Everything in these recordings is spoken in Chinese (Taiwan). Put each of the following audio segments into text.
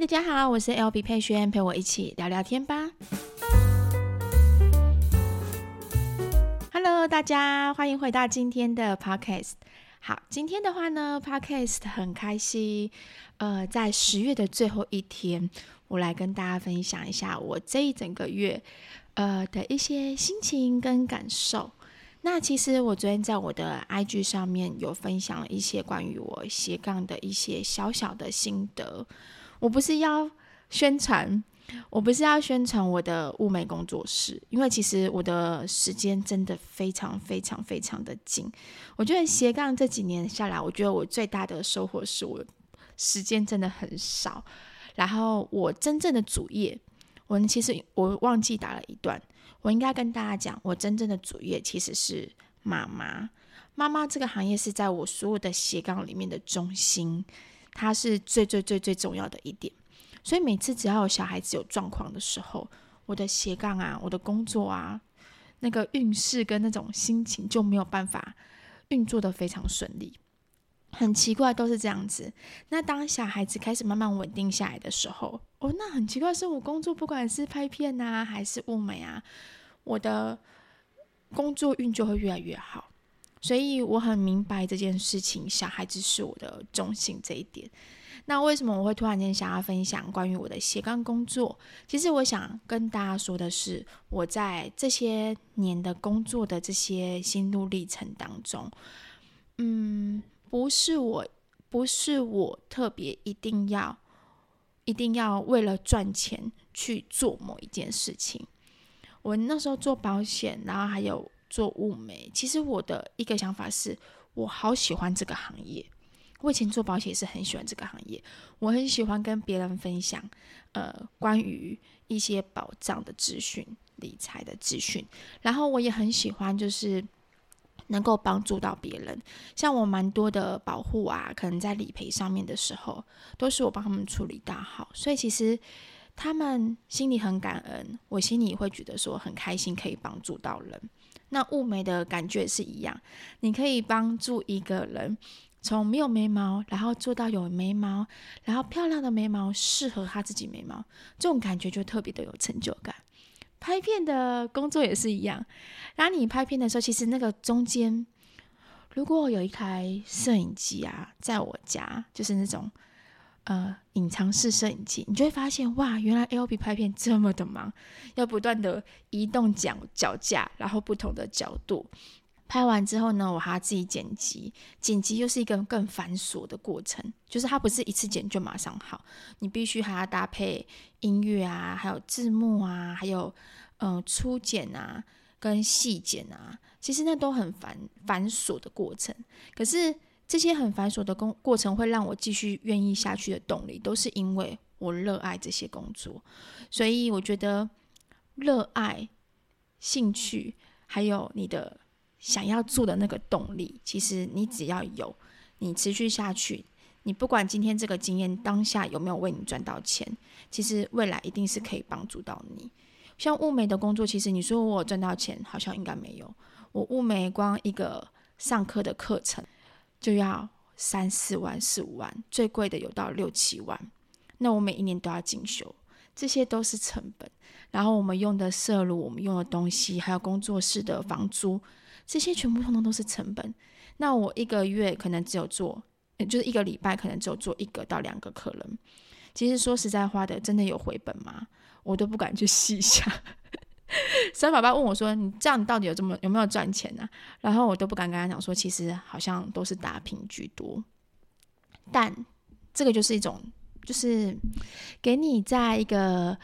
大家好，我是 LB 佩萱，陪我一起聊聊天吧。Hello，大家歡迎回到今天的 Podcast。好，今天的話呢，Podcast 很開心。呃，在十月的最後一天，我來跟大家分享一下我這一整個月呃的一些心情跟感受。那其實我昨天在我的 IG 上面有分享了一些關於我斜槓的一些小小的心得。我不是要宣傳，我不是要宣傳我的物美工作室，因為其實我的時間真的非常非常非常的緊。我覺得斜槓這幾年下來，我覺得我最大的收穫是我時間真的很少。然後我真正的主業，我其實我忘記打了一段，我應該跟大家講，我真正的主業其實是媽媽。媽媽這個行業是在我所有的斜槓裡面的中心。他是最最最最重要的一點，所以每次只要有小孩子有狀況的時候，我的斜槓啊，我的工作啊，那個運勢跟那種心情就沒有辦法運作的非常順利，很奇怪都是這樣子。那當小孩子開始慢慢穩定下來的時候，哦，那很奇怪，是我工作不管是拍片吶、啊，還是物美啊，我的工作運就會越來越好。所以我很明白這件事情，小孩子是我的重心這一點。那為什麼我會突然間想要分享關於我的斜槓工作？其實我想跟大家說的是，我在這些年的工作的這些心路歷程當中，嗯，不是我，不是我特別一定要，一定要為了賺錢去做某一件事情。我那時候做保險，然後還有。做霧眉，其實我的一個想法是，我好喜歡這個行業。我以前做保險也是很喜歡這個行業，我很喜歡跟別人分享，呃，關於一些保障的資訊、理財的資訊。然後我也很喜歡，就是能夠幫助到別人。像我蠻多的保戶啊，可能在理賠上面的時候，都是我幫他們處理到好。所以其實。他們心裡很感恩，我心裡會覺得說很開心，可以幫助到人。那霧眉的感覺是一樣，你可以幫助一個人從沒有眉毛，然後做到有眉毛，然後漂亮的眉毛適合他自己眉毛，這種感覺就特別的有成就感。拍片的工作也是一樣，當你拍片的時候，其實那個中間如果有一台攝影機啊，在我家就是那種。呃，隱藏式攝影機，你就會發現哇，原來 L P 拍片這麼的忙，要不斷的移動腳腳架，然後不同的角度，拍完之後呢，我還要自己剪輯，剪輯又是一個更繁瑣的過程，就是它不是一次剪就馬上好，你必須還要搭配音樂啊，還有字幕啊，還有嗯、呃、粗剪啊跟細剪啊，其實那都很繁繁瑣的過程，可是這些很繁瑣的工過程會讓我繼續願意下去的動力，都是因為我熱愛這些工作，所以我覺得熱愛、興趣，還有你的想要做的那個動力，其實你只要有，你持續下去，你不管今天這個經驗當下有沒有為你賺到錢，其實未來一定是可以幫助到你。像霧眉的工作，其實你說我賺到錢，好像應該沒有。我霧眉光一個上課的課程。就要三四萬、四五萬，最貴的有到六七萬。那我每一年都要進修，這些都是成本。然後我們用的設備，我們用的東西，還有工作室的房租，這些全部通通都是成本。那我一個月可能只有做，就是一個禮拜可能只有做一個到兩個客人。其實說實在話的，真的有回本嗎？我都不敢去細想。三爸爸問我說：“你這樣，你到底有這麼有沒有賺錢呢、啊？”然後我都不敢跟他講說，其實好像都是打平居多。但這個就是一種，就是給你在一個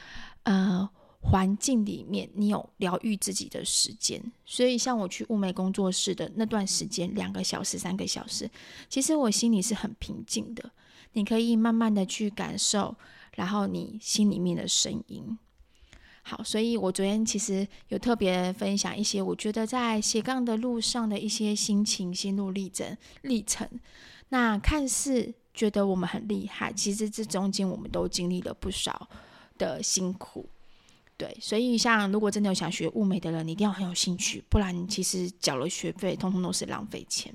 呃環境裡面，你有療癒自己的時間。所以像我去物美工作室的那段時間，兩個小時、三個小時，其實我心裡是很平靜的。你可以慢慢地去感受，然後你心裡面的聲音。好，所以我昨天其實有特別分享一些，我覺得在斜槓的路上的一些心情、心路歷程歷程。那看似覺得我們很厲害，其實這中間我們都經歷了不少的辛苦。對，所以像如果真的有想學霧眉的人，你一定要很有興趣，不然其實繳了學費，通通都是浪費錢。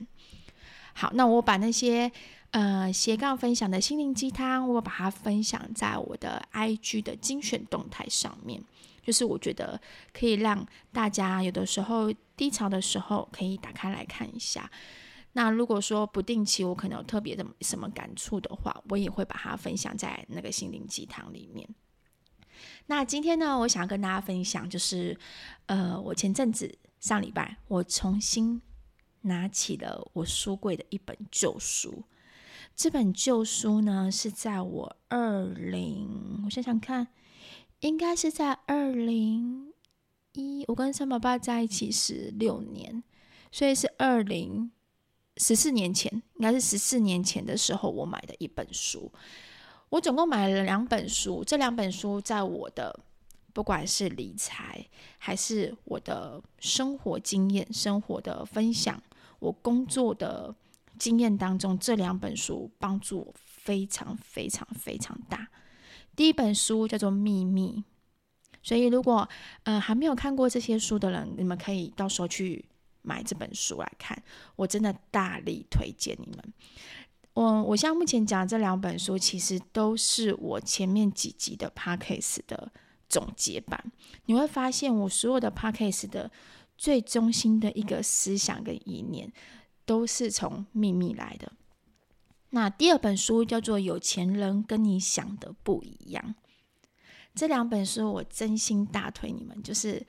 好，那我把那些呃斜槓分享的心靈雞湯，我把它分享在我的 IG 的精選動態上面。就是我覺得可以讓大家有的時候低潮的時候可以打開來看一下。那如果說不定期我可能有特別的什麼感觸的話，我也會把它分享在那個心靈雞湯裡面。那今天呢，我想要跟大家分享就是，呃，我前陣子上禮拜我重新拿起了我書櫃的一本舊書。這本舊書呢是在我二零，我想想看。應該是在二零一，我跟三寶爸在一起十六年，所以是二零十四年前，應該是十四年前的時候，我買的一本書。我總共買了兩本書，這兩本書在我的不管是理財，還是我的生活經驗、生活的分享、我工作的經驗當中，這兩本書幫助我非常非常非常大。第一本書叫做《祕密》，所以如果呃還沒有看過這些書的人，你們可以到時候去買這本書來看，我真的大力推薦你們。我我現在目前講這兩本書，其實都是我前面幾集的 Podcast 的總結版。你會發現，我所有的 Podcast 的最中心的一個思想跟意念，都是從祕密來的。那第二本書叫做《有錢人跟你想的不一樣》，這兩本書我真心大推，你們就是，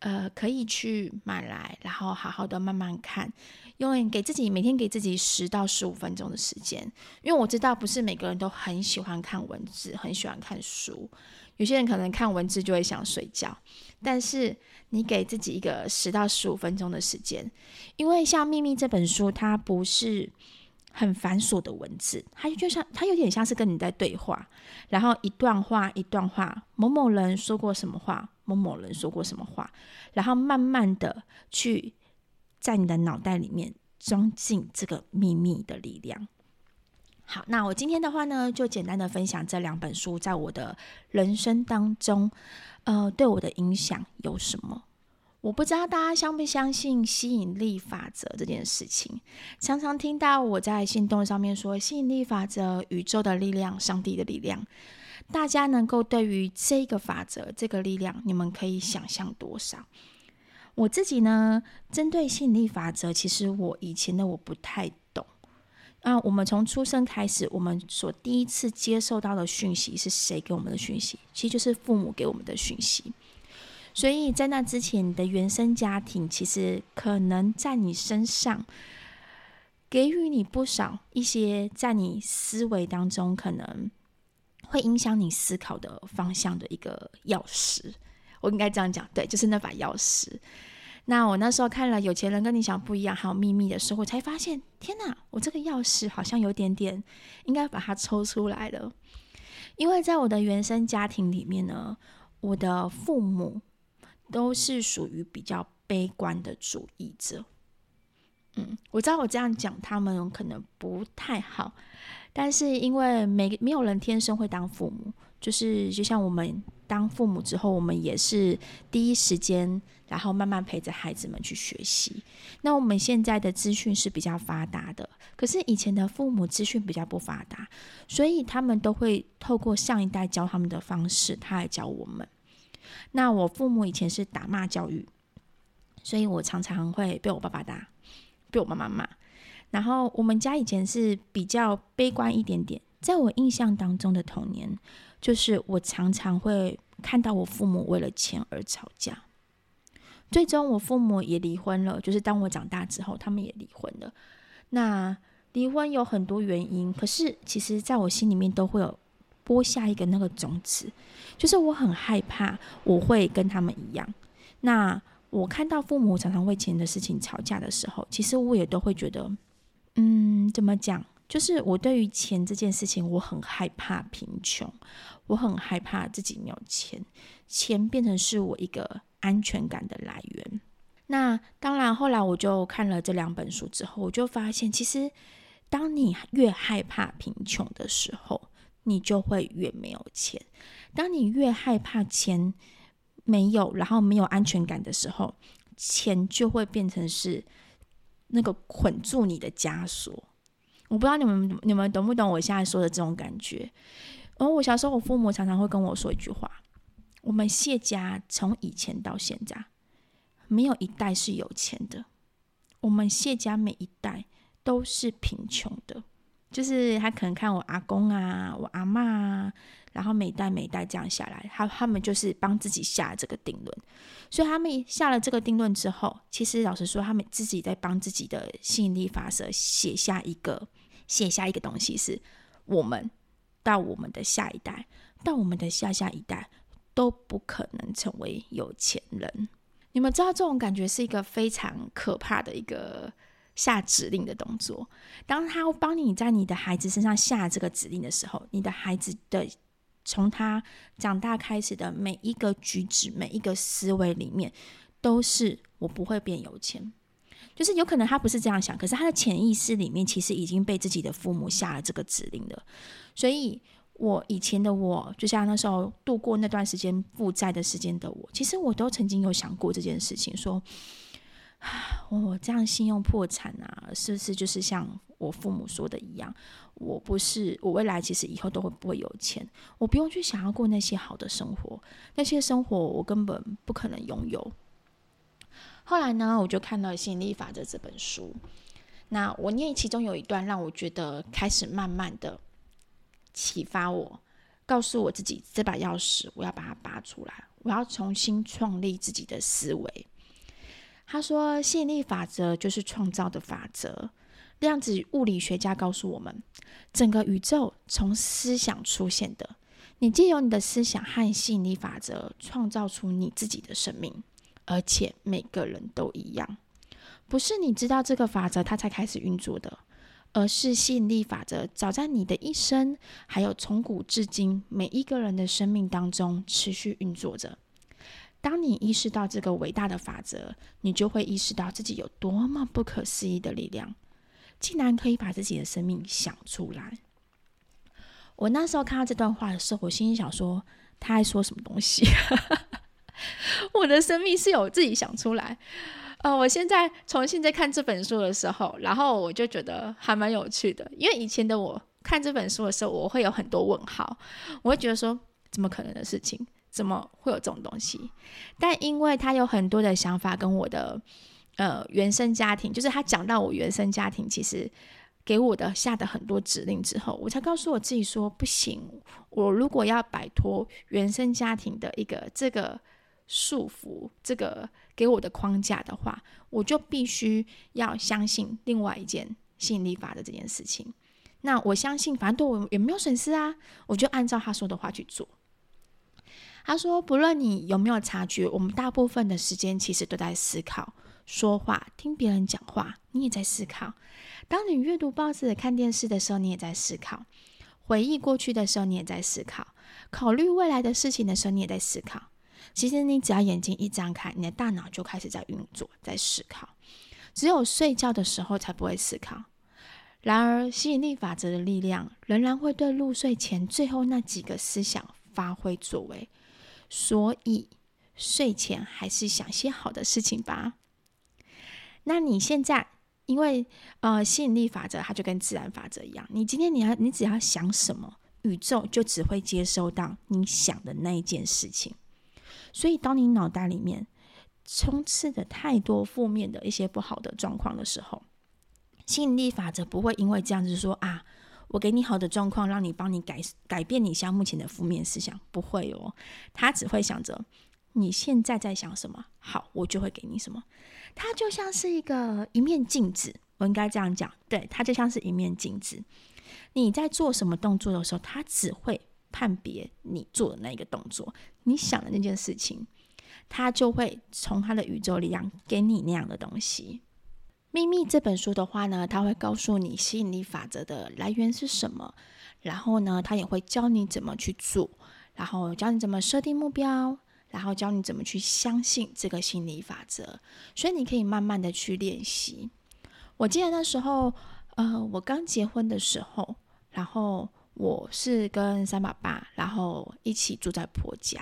呃，可以去買來，然後好好的慢慢看，因為給自己每天給自己十到十五分鐘的時間，因為我知道不是每個人都很喜歡看文字，很喜歡看書，有些人可能看文字就會想睡覺，但是你給自己一個十到十五分鐘的時間，因為像《秘密》這本書，它不是。很繁瑣的文字，它就像，它有點像是跟你在對話，然後一段話一段話，某某人說過什麼話，某某人說過什麼話，然後慢慢的去在你的腦袋裡面裝進這個祕密的力量。好，那我今天的話呢，就簡單的分享這兩本書在我的人生當中，呃，對我的影響有什麼？我不知道大家相不相信吸引力法則這件事情，常常聽到我在行動上面說吸引力法則、宇宙的力量、上帝的力量。大家能夠對於這個法則、這個力量，你們可以想象多少？我自己呢？針對吸引力法則，其實我以前的我不太懂。那、啊、我們從出生開始，我們所第一次接受到的訊息是誰給我們的訊息？其實就是父母給我們的訊息。所以在那之前，你的原生家庭其實可能在你身上給予你不少一些，在你思維當中可能會影響你思考的方向的一個鑰匙。我應該這樣講，對，就是那把鑰匙。那我那時候看了《有錢人跟你想不一樣》還有《祕密》的時候，我才發現，天哪，我這個鑰匙好像有點點，應該把它抽出來了。因為在我的原生家庭裡面呢，我的父母。都是屬於比較悲觀的主義者。嗯，我知道我這樣講他們可能不太好，但是因為沒沒有人天生會當父母，就是就像我們當父母之後，我們也是第一時間，然後慢慢陪着孩子們去學習。那我們現在的資訊是比較發達的，可是以前的父母資訊比較不發達，所以他們都會透過上一代教他們的方式，他來教我們。那我父母以前是打罵教育，所以我常常會被我爸爸打，被我媽媽罵。然後我們家以前是比較悲觀一點點，在我印象當中的童年，就是我常常會看到我父母為了錢而吵架，最終我父母也離婚了。就是當我長大之後，他們也離婚了。那離婚有很多原因，可是其實在我心裡面都會有播下一個那個種子。就是我很害怕我會跟他們一樣。那我看到父母常常為錢的事情吵架的時候，其實我也都會覺得，嗯，怎麼講？就是我對於錢這件事情，我很害怕貧窮，我很害怕自己沒有錢，錢變成是我一個安全感的來源。那當然，後來我就看了這兩本書之後，我就發現，其實當你越害怕貧窮的時候，你就會越沒有錢。當你越害怕錢沒有，然後沒有安全感的時候，錢就會變成是那個綑住你的枷鎖。我不知道你們你們懂不懂我現在說的這種感覺？哦，我小時候我父母常常會跟我說一句話：我們謝家從以前到現在，沒有一代是有錢的，我們謝家每一代都是貧窮的。就是他可能看我阿公啊，我阿嬤啊，然後每代每代這樣下來，他他們就是幫自己下這個定論。所以他們下了這個定論之後，其實老實說，他們自己在幫自己的吸引力法則，寫下一個寫下一個東西，是我們到我們的下一代，到我們的下下一代都不可能成為有錢人。你們知道這種感覺是一個非常可怕的一個。下指令的動作，當他幫你在你的孩子身上下這個指令的時候，你的孩子的從他長大開始的每一個舉止、每一個思維裡面，都是我不會變有錢。就是有可能他不是這樣想，可是他的潛意識裡面其實已經被自己的父母下了這個指令了。所以，我以前的我，就像那時候度過那段時間負債的時間的我，其實我都曾經有想過這件事情，說。我這樣信用破產啊，是不是就是像我父母說的一樣？我不是我未來其實以後都會不會有錢？我不用去想要過那些好的生活，那些生活我根本不可能擁有。後來呢，我就看到《吸引力法則》這本書，那我念其中有一段，讓我覺得開始慢慢的啟發我，告訴我自己這把鑰匙，我要把它拔出來，我要重新創立自己的思維。他說：“吸引力法則就是創造的法則。量子物理學家告訴我們，整個宇宙從思想出現的。你借由你的思想和吸引力法則創造出你自己的生命，而且每個人都一樣。不是你知道這個法則，它才開始運作的，而是吸引力法則早在你的一生，還有從古至今每一個人的生命當中持續運作着。”當你意識到這個偉大的法則，你就會意識到自己有多麼不可思議的力量，竟然可以把自己的生命想出來。我那時候看到這段話的時候，我心裡想說：“他還說什麼東西？ 我的生命是有自己想出來？”呃，我現在重新在看這本書的時候，然後我就覺得還蠻有趣的，因為以前的我看這本書的時候，我會有很多問號，我會覺得說：“怎麼可能的事情？”怎麼會有這種東西？但因為他有很多的想法，跟我的呃原生家庭，就是他講到我原生家庭，其實給我的下的很多指令之後，我才告訴我自己說不行。我如果要擺脫原生家庭的一個這個束縛，這個給我的框架的話，我就必須要相信另外一件吸引力法則這件事情。那我相信，反正對我也沒有損失啊，我就按照他說的話去做。他說：“不論你有沒有察覺，我們大部分的時間其實都在思考、說話、聽別人講話。你也在思考。當你閱讀報紙、看電視的時候，你也在思考。回憶過去的時候，你也在思考。考慮未來的事情的時候，你也在思考。其實，你只要眼睛一張開，你的大腦就開始在運作，在思考。只有睡覺的時候才不會思考。然而，吸引力法則的力量仍然會對入睡前最後那幾個思想發揮作為。”所以睡前還是想些好的事情吧。那你現在，因為呃吸引力法則，它就跟自然法則一樣，你今天你要，你只要想什麼，宇宙就只會接收到你想的那一件事情。所以，當你腦袋裡面充斥着太多負面的一些不好的狀況的時候，吸引力法則不會因為這樣子說啊。我給你好的狀況，讓你幫你改改變你現目前的負面思想，不會哦，他只會想着你現在在想什麼，好，我就會給你什麼。它就像是一個一面鏡子，我應該這樣講，對，它就像是一面鏡子。你在做什麼動作的時候，他只會判別你做的那一個動作，你想的那件事情，他就會從他的宇宙力量給你那樣的東西。祕密這本書的話呢，他會告訴你吸引力法則的來源是什麼，然後呢，他也會教你怎麼去做，然後教你怎麼設定目標，然後教你怎麼去相信這個心理法則。所以你可以慢慢的去練習。我記得那時候，呃，我剛結婚的時候，然後我是跟三爸爸，然後一起住在婆家。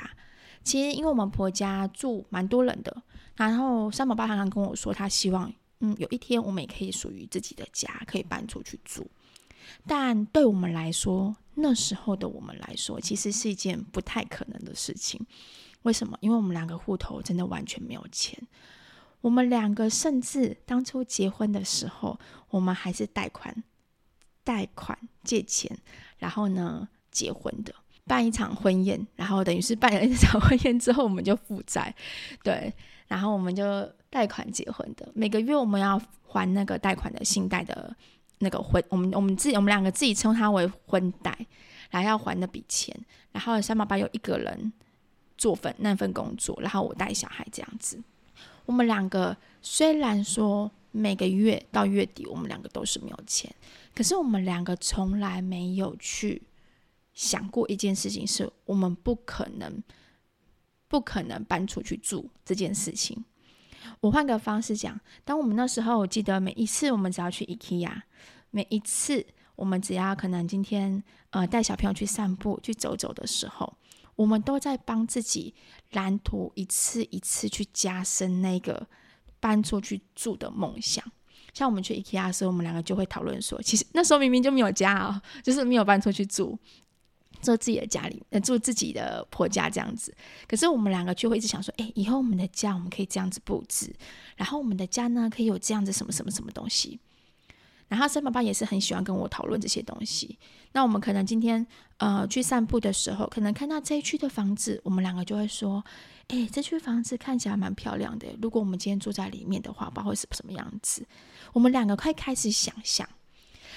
其實因為我們婆家住蠻多人的，然後三爸爸常常跟我說，他希望。嗯，有一天我們也可以屬於自己的家，可以搬出去住。但對我們來說，那時候的我們來說，其實是一件不太可能的事情。為什麼？因為我們兩個戶頭真的完全沒有錢。我們兩個甚至當初結婚的時候，我們還是貸款、貸款借錢，然後呢，結婚的，辦一場婚宴，然後等於是辦了一場婚宴之後，我們就負債。對，然後我們就，貸款結婚的，每個月我們要還那個貸款的信貸的，那個婚，我們我們自己我們兩個自己稱它為婚貸，然後要還那筆錢。然後三爸爸有一個人做份那份工作，然後我帶小孩這樣子。我們兩個雖然說每個月到月底我們兩個都是沒有錢，可是我們兩個從來沒有去想過一件事情，是我們不可能不可能搬出去住這件事情。我換個方式講，當我們那時候我記得每一次，我們只要去 IKEA，每一次我們只要可能今天呃帶小朋友去散步去走走的時候，我們都在幫自己藍圖一次一次去加深那個搬出去住的夢想。像我們去 IKEA 的時候，我們兩個就會討論說，其實那時候明明就沒有家啊，哦，就是沒有搬出去住。做自己的家裡，呃，住自己的婆家這樣子。可是我們兩個就會一直想說，哎、欸，以後我們的家我們可以這樣子布置，然後我們的家呢可以有這樣子什麼什麼什麼東西。然後三寶爸也是很喜歡跟我討論這些東西。那我們可能今天呃去散步的時候，可能看到這一區的房子，我們兩個就會說，哎、欸，這區房子看起來蠻漂亮的。如果我們今天住在裡面的話，不知道會是什麼樣子。我們兩個會開始想象。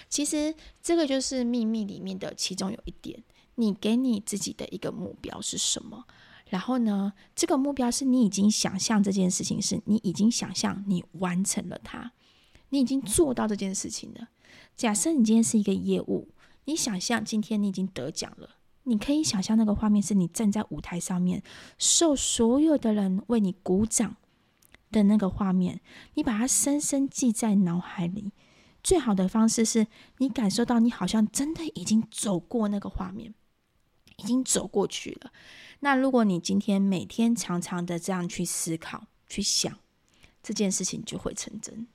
其實這個就是祕密裡面的其中有一點。你給你自己的一個目標是什麼？然後呢，這個目標是你已經想象這件事情，是你已經想象你完成了它，你已經做到這件事情了。假設你今天是一個業務，你想象今天你已經得獎了，你可以想象那個畫面是你站在舞台上面，受所有的人為你鼓掌的那個畫面，你把它深深記在腦海裡。最好的方式是你感受到你好像真的已經走過那個畫面。已經走過去了。那如果你今天每天常常的這樣去思考，去想這件事情，就會成真。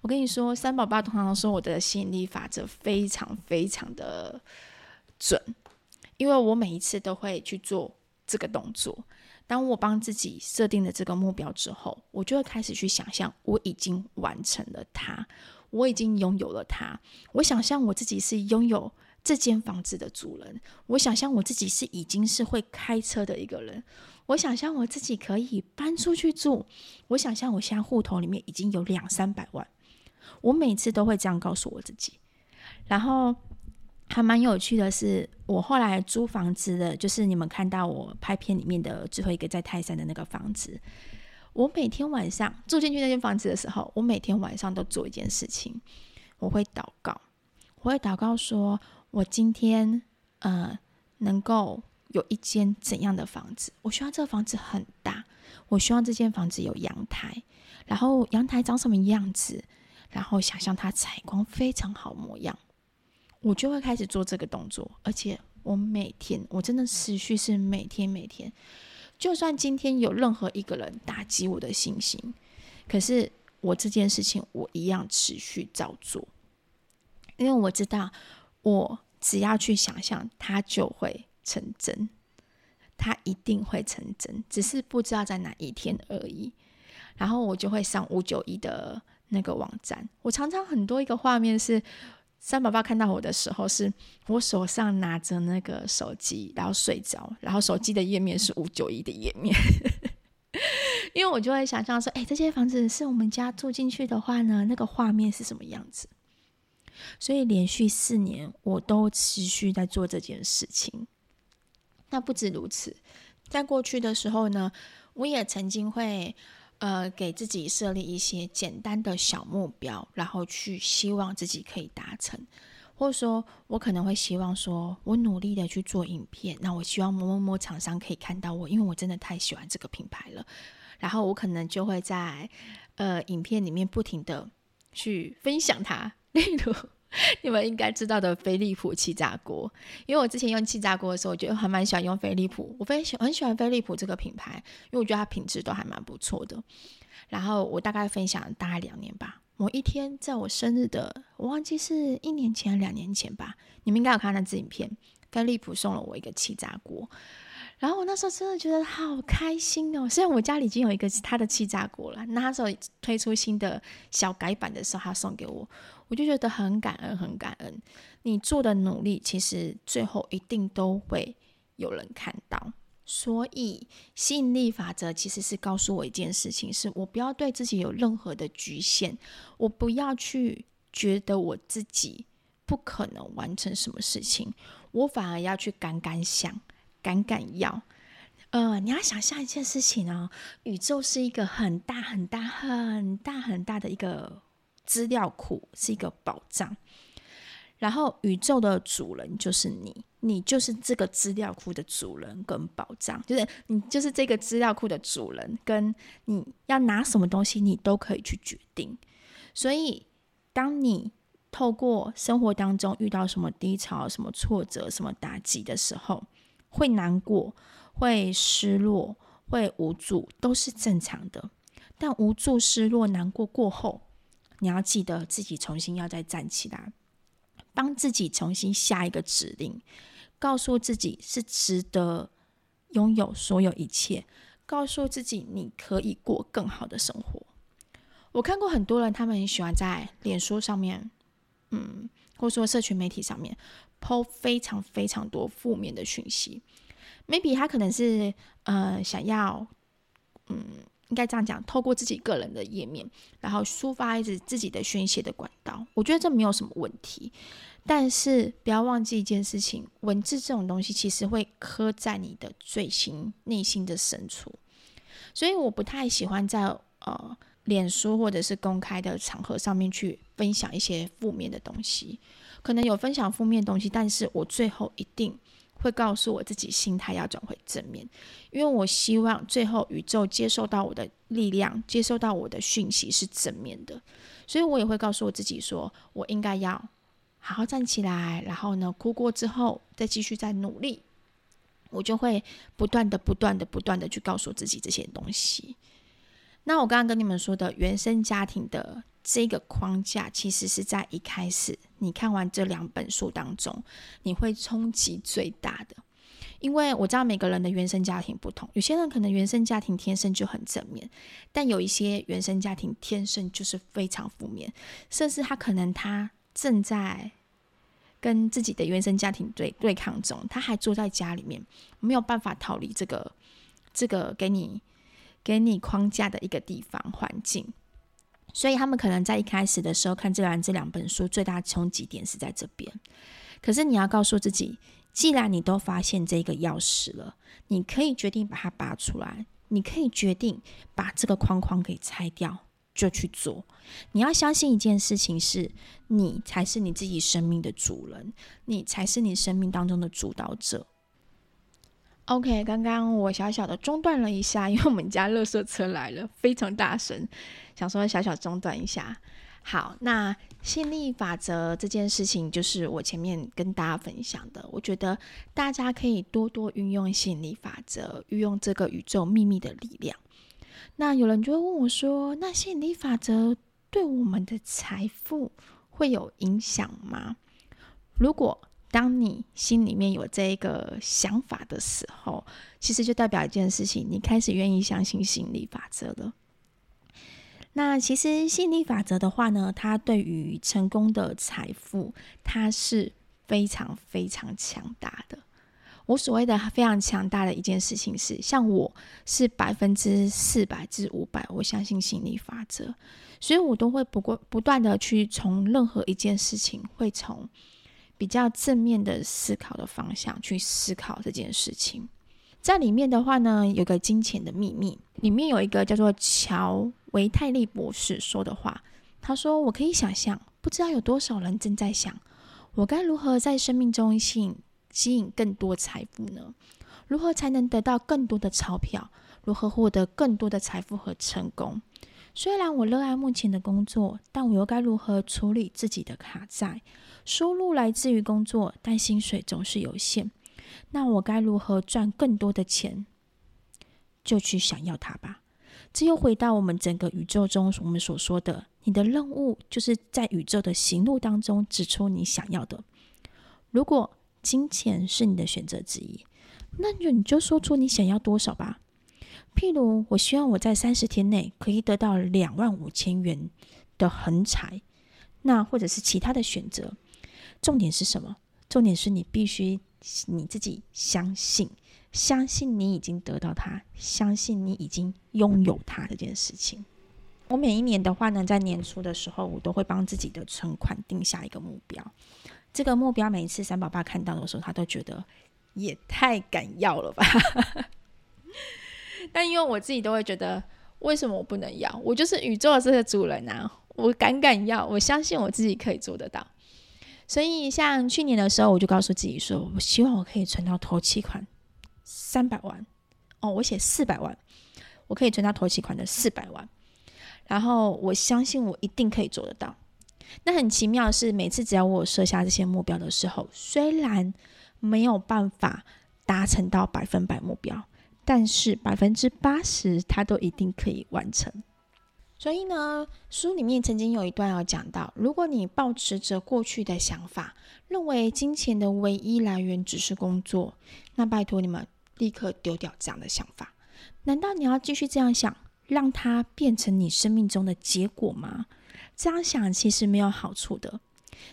我跟你說，三寶爸通常說我的吸引力法則非常非常的準，因為我每一次都會去做這個動作。當我幫自己設定了這個目標之後，我就會開始去想象我已經完成了它，我已經擁有了它。我想象我自己是擁有這間房子的主人，我想象我自己是已經是會開車的一個人，我想象我自己可以搬出去住，我想象我現在戶頭裡面已經有兩三百萬，我每次都會這樣告訴我自己。然後還蠻有趣的是，我後來租房子的，就是你們看到我拍片裡面的最後一個在泰山的那個房子，我每天晚上住進去那間房子的時候，我每天晚上都做一件事情，我會禱告，我會禱告說。我今天呃，能夠有一間怎樣的房子？我希望這個房子很大，我希望這間房子有陽台，然後陽台長什麼樣子？然後想象它採光非常好模樣，我就會開始做這個動作。而且我每天我真的持續是每天每天，就算今天有任何一個人打擊我的信心，可是我這件事情我一樣持續照做，因為我知道。我只要去想象，它就會成真，它一定會成真，只是不知道在哪一天而已。然後我就會上五九一的那個網站。我常常很多一個畫面是三寶爸看到我的時候是，是我手上拿着那個手機，然後睡着，然後手機的頁面是五九一的頁面， 因為我就會想象說，哎、欸，這些房子是我們家住進去的話呢，那個畫面是什麼樣子？所以連續四年，我都持續在做這件事情。那不止如此，在過去的時候呢，我也曾經會，呃，給自己設立一些簡單的小目標，然後去希望自己可以達成。或者說我可能會希望說，我努力的去做影片，那我希望某某某廠商可以看到我，因為我真的太喜歡這個品牌了。然後我可能就會在，呃，影片裡面不停的去分享它。例如，你們應該知道的飛利浦氣炸鍋，因為我之前用氣炸鍋的時候，我覺得我還蠻喜歡用飛利浦。我非常喜很喜歡飛利浦這個品牌，因為我覺得它品質都還蠻不錯的。然後我大概分享了大概兩年吧。某一天，在我生日的，我忘記是一年前、兩年前吧。你們應該有看那支影片，飛利浦送了我一個氣炸鍋。然後我那時候真的覺得好開心哦！雖然我家裡已經有一個是他的氣炸鍋了。那時候推出新的小改版的時候，他送給我。我就覺得很感恩，很感恩你做的努力，其實最後一定都會有人看到。所以吸引力法則其實是告訴我一件事情，是我不要對自己有任何的局限，我不要去覺得我自己不可能完成什麼事情，我反而要去敢敢想、敢敢要。呃，你要想象一件事情呢、哦，宇宙是一個很大、很大、很大、很大的一個。資料庫是一個寶藏，然後宇宙的主人就是你，你就是這個資料庫的主人跟寶藏，就是你就是這個資料庫的主人，跟你要拿什麼東西，你都可以去決定。所以，當你透過生活當中遇到什麼低潮、什麼挫折、什麼打擊的時候，會難過、會失落、會無助，都是正常的。但無助、失落、難過過後，你要記得自己重新要再站起來，幫自己重新下一個指令，告訴自己是值得擁有所有一切，告訴自己你可以過更好的生活。我看過很多人，他們很喜歡在臉書上面，嗯，或者說社群媒體上面，po 非常非常多負面的訊息。Maybe 他可能是，呃，想要，嗯。應該這樣講，透過自己個人的頁面，然後抒發一直自己的宣泄的管道，我覺得這沒有什麼問題。但是不要忘記一件事情，文字這種東西其實會刻在你的最心、內心的深處。所以我不太喜歡在呃臉書或者是公開的場合上面去分享一些負面的東西。可能有分享負面的東西，但是我最後一定。會告訴我自己心態要轉回正面，因為我希望最後宇宙接受到我的力量，接受到我的訊息是正面的，所以我也會告訴我自己說，我應該要好好站起來，然後呢，哭過之後再繼續再努力，我就會不斷的、不斷的、不斷的去告訴自己這些東西。那我剛剛跟你們說的原生家庭的。這個框架其實是在一開始你看完這兩本書當中，你會衝擊最大的。因為我知道每個人的原生家庭不同，有些人可能原生家庭天生就很正面，但有一些原生家庭天生就是非常負面，甚至他可能他正在跟自己的原生家庭對對抗中，他還坐在家裡面，沒有辦法逃離這個這個給你給你框架的一個地方環境。所以他們可能在一開始的時候看這兩這兩本書，最大的衝擊點是在這邊。可是你要告訴自己，既然你都發現這個鑰匙了，你可以決定把它拔出來，你可以決定把這個框框給拆掉，就去做。你要相信一件事情是，你才是你自己生命的主人，你才是你生命當中的主導者。OK，剛剛我小小的中斷了一下，因為我們家垃圾車來了，非常大聲，想說小小中斷一下。好，那吸引力法則這件事情，就是我前面跟大家分享的，我覺得大家可以多多運用吸引力法則，運用這個宇宙秘密的力量。那有人就會問我說，那吸引力法則對我們的財富會有影響嗎？如果當你心裡面有這一個想法的時候，其實就代表一件事情，你開始願意相信心理法則了。那其實心理法則的話呢，它對於成功的財富，它是非常非常強大的。我所謂的非常強大的一件事情是，像我是百分之四百至五百，我相信心理法則，所以我都會不過不斷地去從任何一件事情，會從。比較正面的思考的方向去思考這件事情，在裡面的話呢，有個金錢的秘密，裡面有一個叫做喬維泰利博士說的話，他說：“我可以想象，不知道有多少人正在想，我該如何在生命中吸引吸引更多財富呢？如何才能得到更多的鈔票？如何獲得更多的財富和成功？”雖然我熱愛目前的工作，但我又該如何處理自己的卡債？收入來自於工作，但薪水總是有限。那我該如何賺更多的錢？就去想要它吧。這又回到我們整個宇宙中，我們所說的，你的任務就是在宇宙的行路當中指出你想要的。如果金錢是你的選擇之一，那你就說出你想要多少吧。譬如，我希望我在三十天內可以得到兩萬五千元的橫財，那或者是其他的選擇。重點是什麼？重點是你必須你自己相信，相信你已經得到它，相信你已經擁有它的這件事情。我每一年的話呢，在年初的時候，我都會幫自己的存款定下一個目標。這個目標，每一次三寶爸看到的時候，他都覺得也太敢要了吧。 但因為我自己都會覺得，為什麼我不能要？我就是宇宙的這個主人吶、啊。我敢敢要，我相信我自己可以做得到。所以，像去年的時候，我就告訴自己說，我希望我可以存到頭期款三百萬哦，我寫四百萬，我可以存到頭期款的四百萬。然後，我相信我一定可以做得到。那很奇妙的是，每次只要我有設下這些目標的時候，雖然沒有辦法達成到百分百目標。但是百分之八十，他都一定可以完成。所以呢，書裡面曾經有一段要講到：如果你抱持着過去的想法，認為金錢的唯一來源只是工作，那拜託你們立刻丟掉這樣的想法。難道你要繼續這樣想，讓它變成你生命中的結果嗎？這樣想其實沒有好處的。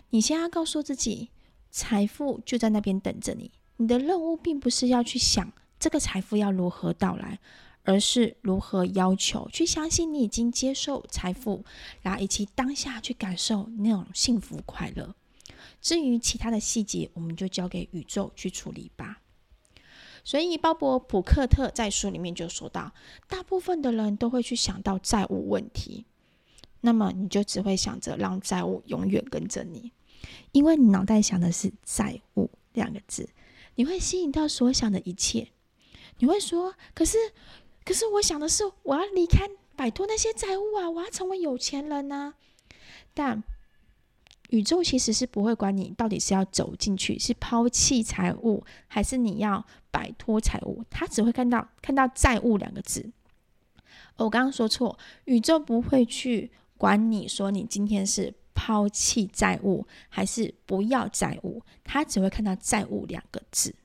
你現在要告訴自己，財富就在那邊等着你。你的任務並不是要去想。這個財富要如何到來，而是如何要求去相信你已經接受財富，然後以及當下去感受那種幸福快樂。至於其他的細節，我們就交給宇宙去處理吧。所以，鮑勃·普克特在書裡面就說到，大部分的人都會去想到債務問題，那麼你就只會想着讓債務永遠跟着你，因為你腦袋想的是債務兩個字，你會吸引到所想的一切。你會說：“可是，可是，我想的是，我要離開，擺脫那些債務啊！我要成為有錢人吶。”但宇宙其實是不會管你到底是要走進去，是拋棄財務，還是你要擺脫財務，他只會看到看到債務兩個字。哦，我剛剛說錯，宇宙不會去管你說你今天是拋棄債務，還是不要債務，他只會看到債務兩個字。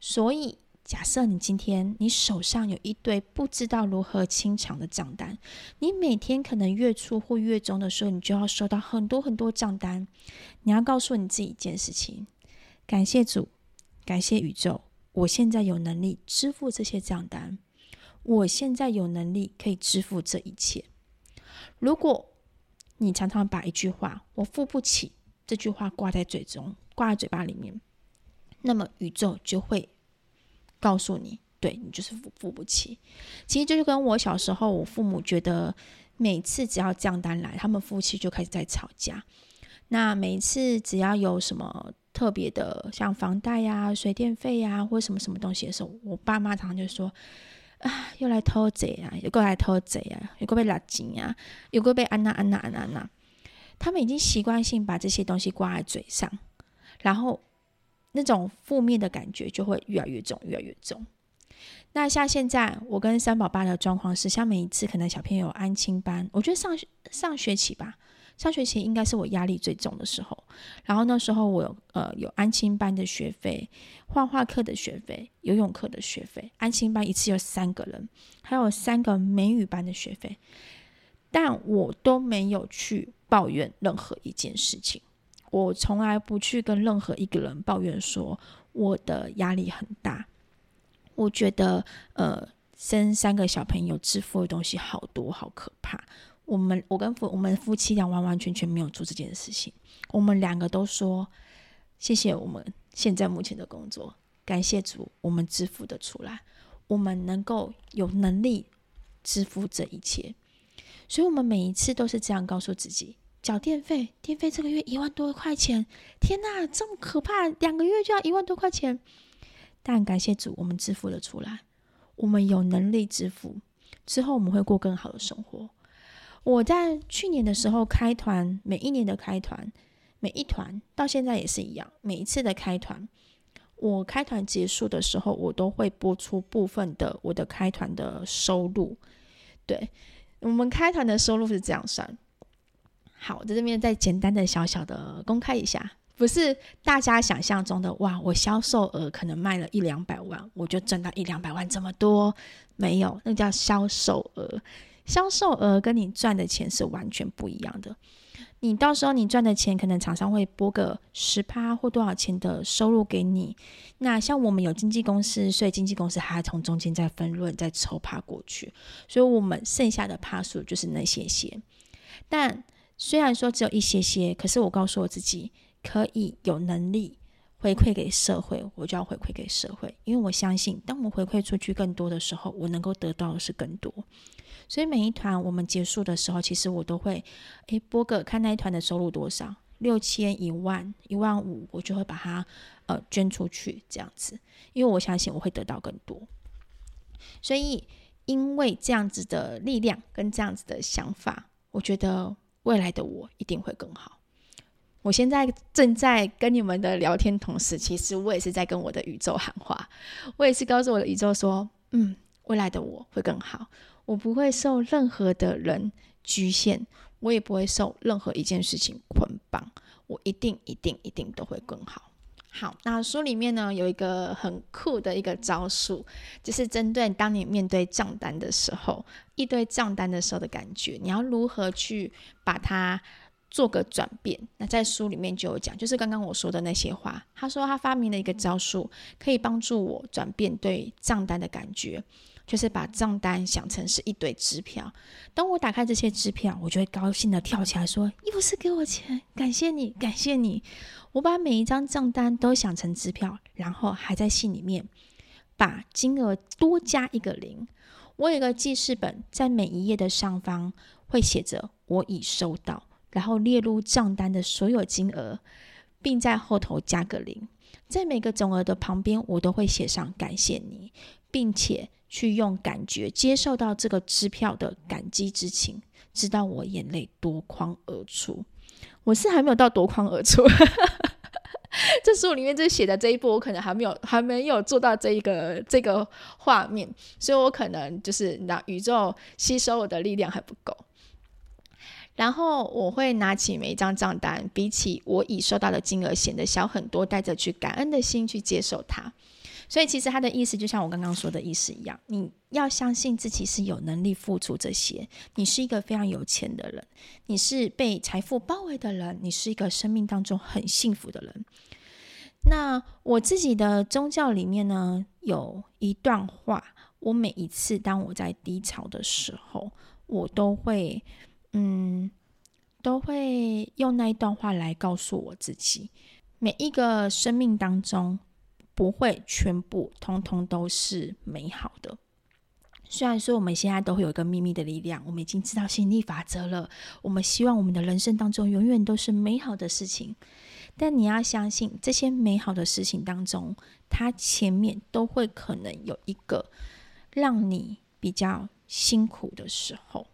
所以。假設你今天你手上有一堆不知道如何清償的賬單，你每天可能月初或月中的時候，你就要收到很多很多賬單。你要告訴你自己一件事情：感謝主，感謝宇宙，我現在有能力支付這些賬單，我現在有能力可以支付這一切。如果你常常把一句話“我付不起”這句話掛在嘴中，掛在嘴巴裡面，那麼宇宙就會。告訴你，對，你就是付付不起。其實就是跟我小時候，我父母覺得每次只要賬單來，他們夫妻就開始在吵架。那每次只要有什麼特別的，像房貸呀、啊、水電費呀、啊，或什麼什麼東西的時候，我爸媽常常就說：“又來啊，又來偷賊啊，又過來偷賊啊，又過來拉筋啊，又過來按吶按吶按吶吶。”他們已經習慣性把這些東西掛在嘴上，然後。那種負面的感覺就會越來越重，越來越重。那像現在我跟三寶爸的狀況是，像每一次可能小朋友有安親班，我覺得上上學期吧，上學期應該是我壓力最重的時候。然後那時候我有呃有安親班的學費、畫畫課的學費、游泳課的學費，安親班一次有三個人，還有三個美語班的學費，但我都沒有去抱怨任何一件事情。我從來不去跟任何一個人抱怨說我的壓力很大。我覺得，呃，生三個小朋友支付的東西好多，好可怕。我們，我跟夫，我們夫妻倆完完全全沒有做這件事情。我們兩個都說，謝謝我們現在目前的工作，感謝主，我們支付得出來，我們能夠有能力支付這一切。所以，我們每一次都是這樣告訴自己。繳電費，電費這個月一萬多塊錢，天哪，這麼可怕！兩個月就要一萬多塊錢。但感謝主，我們支付了出來，我們有能力支付。之後我們會過更好的生活。我在去年的時候開團，每一年的開團，每一團到現在也是一樣，每一次的開團，我開團結束的時候，我都會撥出部分的我的開團的收入。對，我們開團的收入是這樣算。好，我在這邊再簡單的小小的公開一下，不是大家想象中的哇！我銷售額可能賣了一兩百萬，我就賺到一兩百萬這麼多？沒有，那叫銷售額。銷售額跟你賺的錢是完全不一樣的。你到時候你賺的錢，可能廠商會撥個十趴或多少錢的收入給你。那像我們有經紀公司，所以經紀公司還要從中間再分潤、再抽趴過去，所以我們剩下的趴數就是那些些，但。雖然說只有一些些，可是我告訴我自己，可以有能力回饋給社會，我就要回饋給社會。因為我相信，當我們回饋出去更多的時候，我能夠得到的是更多。所以每一團我們結束的時候，其實我都會誒撥個看那一團的收入多少，六千、一萬、一萬五，我就會把它呃捐出去這樣子。因為我相信我會得到更多。所以因為這樣子的力量跟這樣子的想法，我覺得。未來的我一定會更好。我現在正在跟你們的聊天同時，其實我也是在跟我的宇宙喊話，我也是告訴我的宇宙說：“嗯，未來的我會更好，我不會受任何的人局限，我也不會受任何一件事情捆綁，我一定一定一定都會更好。”好，那書裡面呢，有一個很酷的一個招數，就是針對當你面對賬單的時候，一堆賬單的時候的感覺，你要如何去把它做個轉變？那在書裡面就有講，就是剛剛我說的那些話。他說他發明了一個招數，可以幫助我轉變對賬單的感覺。就是把賬單想成是一堆支票。當我打開這些支票，我就會高興地跳起來說：“又是給我錢，感謝你，感謝你！”我把每一張賬單都想成支票，然後還在信裡面把金額多加一個零。我有個記事本，在每一頁的上方會寫着“我已收到”，然後列入賬單的所有金額，並在後頭加個零。在每個總額的旁邊，我都會寫上“感謝你”，並且。去用感覺接受到這個支票的感激之情，直到我眼淚奪眶而出。我是還沒有到奪眶而出呵呵。這書裡面就寫的這一步，我可能還沒有還沒有做到這一個這個畫面，所以我可能就是那宇宙吸收我的力量還不夠。然後我會拿起每一張賬單，比起我已收到的金額顯得小很多，帶着去感恩的心去接受它。所以，其實他的意思就像我剛剛說的意思一樣，你要相信自己是有能力付出這些。你是一個非常有錢的人，你是被財富包圍的人，你是一個生命當中很幸福的人。那我自己的宗教裡面呢，有一段話，我每一次當我在低潮的時候，我都會，嗯，都會用那一段話來告訴我自己，每一個生命當中。不會全部通通都是美好的。雖然說我們現在都會有一個祕密的力量，我們已經知道心理法則了。我們希望我們的人生當中永遠都是美好的事情，但你要相信，這些美好的事情當中，它前面都會可能有一個讓你比較辛苦的時候。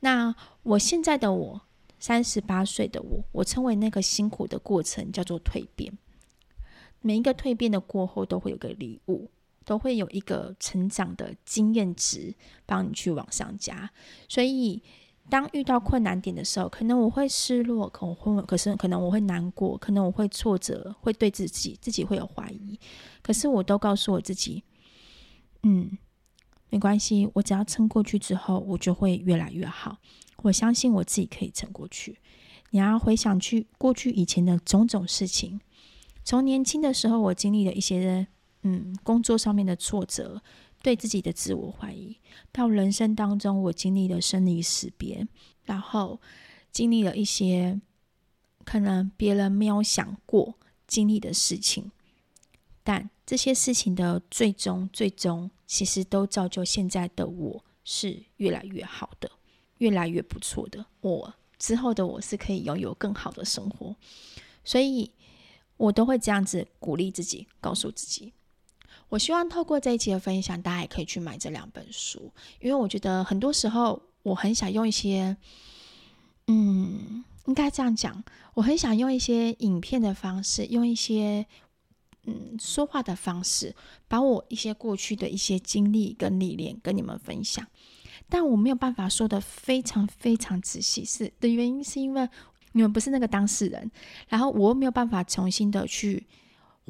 那我現在的我，三十八歲的我，我稱為那個辛苦的過程叫做蛻變。每一個蛻變的過後，都會有一個禮物，都會有一個成長的經驗值，幫你去往上加。所以，當遇到困難點的時候，可能我會失落，可能我會，可是可能我會難過，可能我會挫折，會對自己自己會有懷疑。可是，我都告訴我自己，嗯，沒關係，我只要撐過去之後，我就會越來越好。我相信我自己可以撐過去。你要回想去過去以前的種種事情。從年輕的時候，我經歷了一些嗯工作上面的挫折，對自己的自我懷疑，到人生當中我經歷了生離死別，然後經歷了一些可能別人沒有想過經歷的事情，但這些事情的最終，最終其實都造就現在的我是越來越好的，越來越不錯的。我之後的我是可以擁有更好的生活，所以。我都會這樣子鼓勵自己，告訴自己。我希望透過這一期的分享，大家也可以去買這兩本書，因為我覺得很多時候，我很想用一些，嗯，應該這樣講，我很想用一些影片的方式，用一些，嗯，說話的方式，把我一些過去的一些經歷跟歷練跟你們分享。但我沒有辦法說得非常非常仔細，是的原因是因為。你們不是那個當事人，然後我又沒有辦法重新的去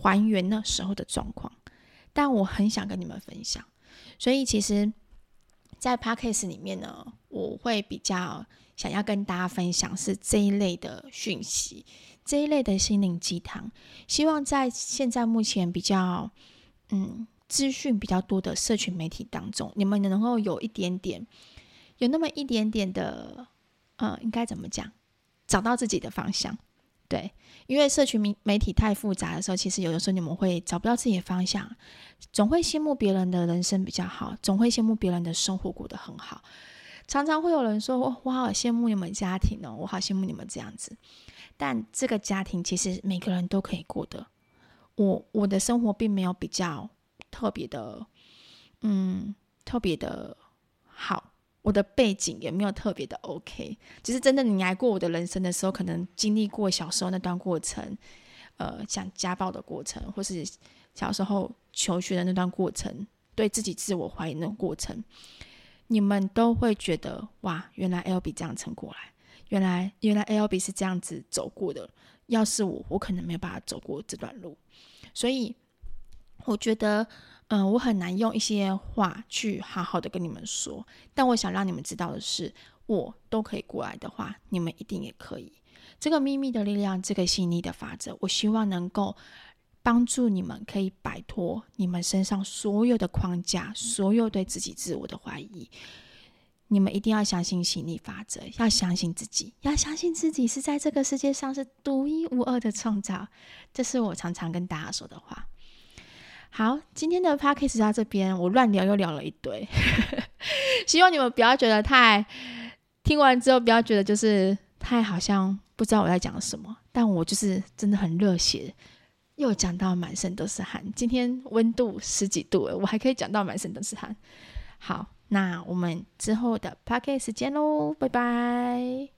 還原那時候的狀況，但我很想跟你們分享。所以其實，在 Podcast 裡面呢，我會比較想要跟大家分享是這一類的訊息，這一類的心靈雞湯。希望在現在目前比較嗯，資訊比較多的社群媒體當中，你們能夠有一點點，有那麼一點點的，呃，應該怎麼講？找到自己的方向，對，因為社群媒媒體太複雜的時候，其實有的時候你們會找不到自己的方向，總會羨慕別人的人生比較好，總會羨慕別人的生活過得很好，常常會有人說，哦，我好羨慕你們家庭哦，我好羨慕你們這樣子，但這個家庭其實每個人都可以過得，我我的生活並沒有比較特別的，嗯，特別的好。我的背景也沒有特別的 OK，其實真的，你來過我的人生的時候，可能經歷過小時候那段過程，呃，像家暴的過程，或是小時候求學的那段過程，對自己自我懷疑的那過程，你們都會覺得哇，原來 LB 這樣撐過來，原來原來 LB 是這樣子走過的，要是我，我可能沒有辦法走過這段路，所以我覺得。嗯，我很難用一些話去好好的跟你們說，但我想讓你們知道的是，我都可以過來的話，你們一定也可以。這個祕密的力量，這個吸引力的法則，我希望能夠幫助你們，可以擺脫你們身上所有的框架，嗯、所有對自己自我的懷疑。你們一定要相信吸引力法則，要相信自己，要相信自己是在這個世界上是獨一無二的創造。這是我常常跟大家說的話。好，今天的 podcast 就到這邊，我亂聊又聊了一堆，呵呵，希望你們不要覺得太聽完之後不要覺得就是太好像不知道我在講什麼，但我就是真的很熱血，又講到滿身都是汗。今天溫度十幾度，我還可以講到滿身都是汗。好，那我們之後的 podcast 見嘍，拜拜。